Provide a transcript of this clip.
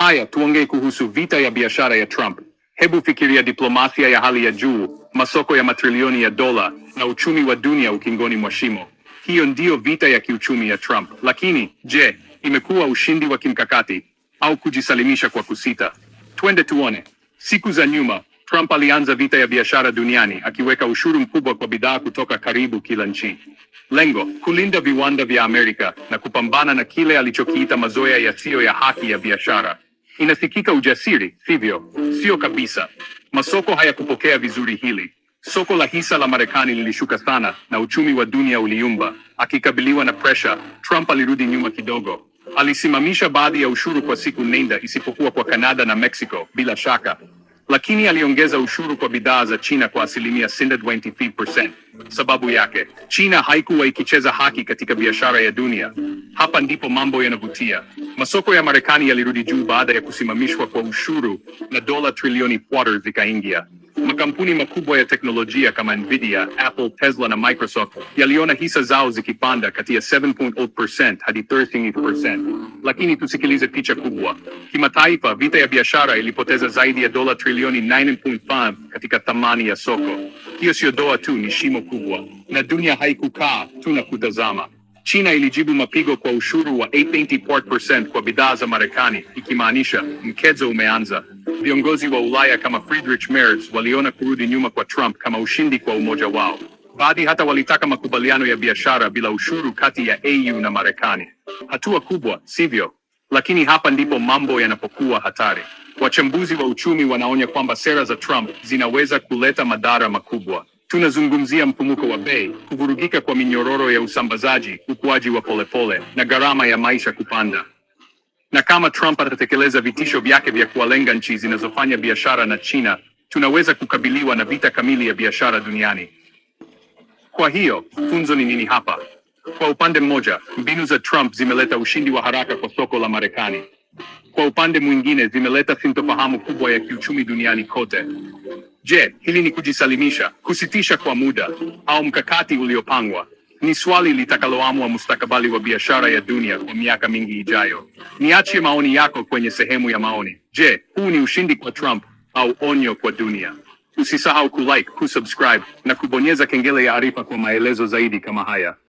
Haya, tuongee kuhusu vita ya biashara ya Trump. Hebu fikiria diplomasia ya hali ya juu, masoko ya matrilioni ya dola na uchumi wa dunia ukingoni mwa shimo. Hiyo ndiyo vita ya kiuchumi ya Trump. Lakini je, imekuwa ushindi wa kimkakati au kujisalimisha kwa kusita? Twende tuone. Siku za nyuma, Trump alianza vita ya biashara duniani akiweka ushuru mkubwa kwa bidhaa kutoka karibu kila nchi. Lengo, kulinda viwanda vya Amerika na kupambana na kile alichokiita mazoea yasiyo ya haki ya biashara. Inasikika ujasiri, sivyo? Sio kabisa. Masoko hayakupokea vizuri hili. Soko la hisa la Marekani lilishuka sana na uchumi wa dunia uliumba. Akikabiliwa na presha, Trump alirudi nyuma kidogo. Alisimamisha baadhi ya ushuru kwa siku nenda, isipokuwa kwa Kanada na Mexico bila shaka, lakini aliongeza ushuru kwa bidhaa za China kwa asilimia 25%. Sababu yake, China haikuwa ikicheza haki katika biashara ya dunia. Hapa ndipo mambo yanavutia. Masoko ya Marekani yalirudi juu baada ya kusimamishwa kwa ushuru na dola trilioni quarter zikaingia. Makampuni makubwa ya teknolojia kama Nvidia, Apple, Tesla na Microsoft yaliona hisa zao zikipanda kati ya 7.0% hadi 13%. Lakini tusikilize picha kubwa. Kimataifa, vita ya biashara ilipoteza zaidi ya dola trilioni 9.5 katika thamani ya soko. Hiyo sio doa tu, ni shimo kubwa, na dunia haikukaa tu na kutazama. China ilijibu mapigo kwa ushuru wa 8.4% kwa bidhaa za Marekani, ikimaanisha mkezo umeanza. Viongozi wa Ulaya kama Friedrich Merz waliona kurudi nyuma kwa Trump kama ushindi kwa umoja wao. Baadhi hata walitaka makubaliano ya biashara bila ushuru kati ya EU na Marekani. Hatua kubwa, sivyo? Lakini hapa ndipo mambo yanapokuwa hatari. Wachambuzi wa uchumi wanaonya kwamba sera za Trump zinaweza kuleta madhara makubwa. Tunazungumzia mfumuko wa bei, kuvurugika kwa minyororo ya usambazaji, ukuaji wa polepole na gharama ya maisha kupanda. Na kama Trump atatekeleza vitisho vyake vya kuwalenga nchi zinazofanya biashara na China, tunaweza kukabiliwa na vita kamili ya biashara duniani. Kwa hiyo, funzo ni nini hapa? Kwa upande mmoja, mbinu za Trump zimeleta ushindi wa haraka kwa soko la Marekani. Kwa upande mwingine, zimeleta sintofahamu kubwa ya kiuchumi duniani kote. Je, hili ni kujisalimisha, kusitisha kwa muda au mkakati uliopangwa? Ni swali litakaloamua mustakabali wa biashara ya dunia kwa miaka mingi ijayo. Niachie maoni yako kwenye sehemu ya maoni. Je, huu ni ushindi kwa Trump au onyo kwa dunia? Usisahau kulike, kusubscribe na kubonyeza kengele ya arifa kwa maelezo zaidi kama haya.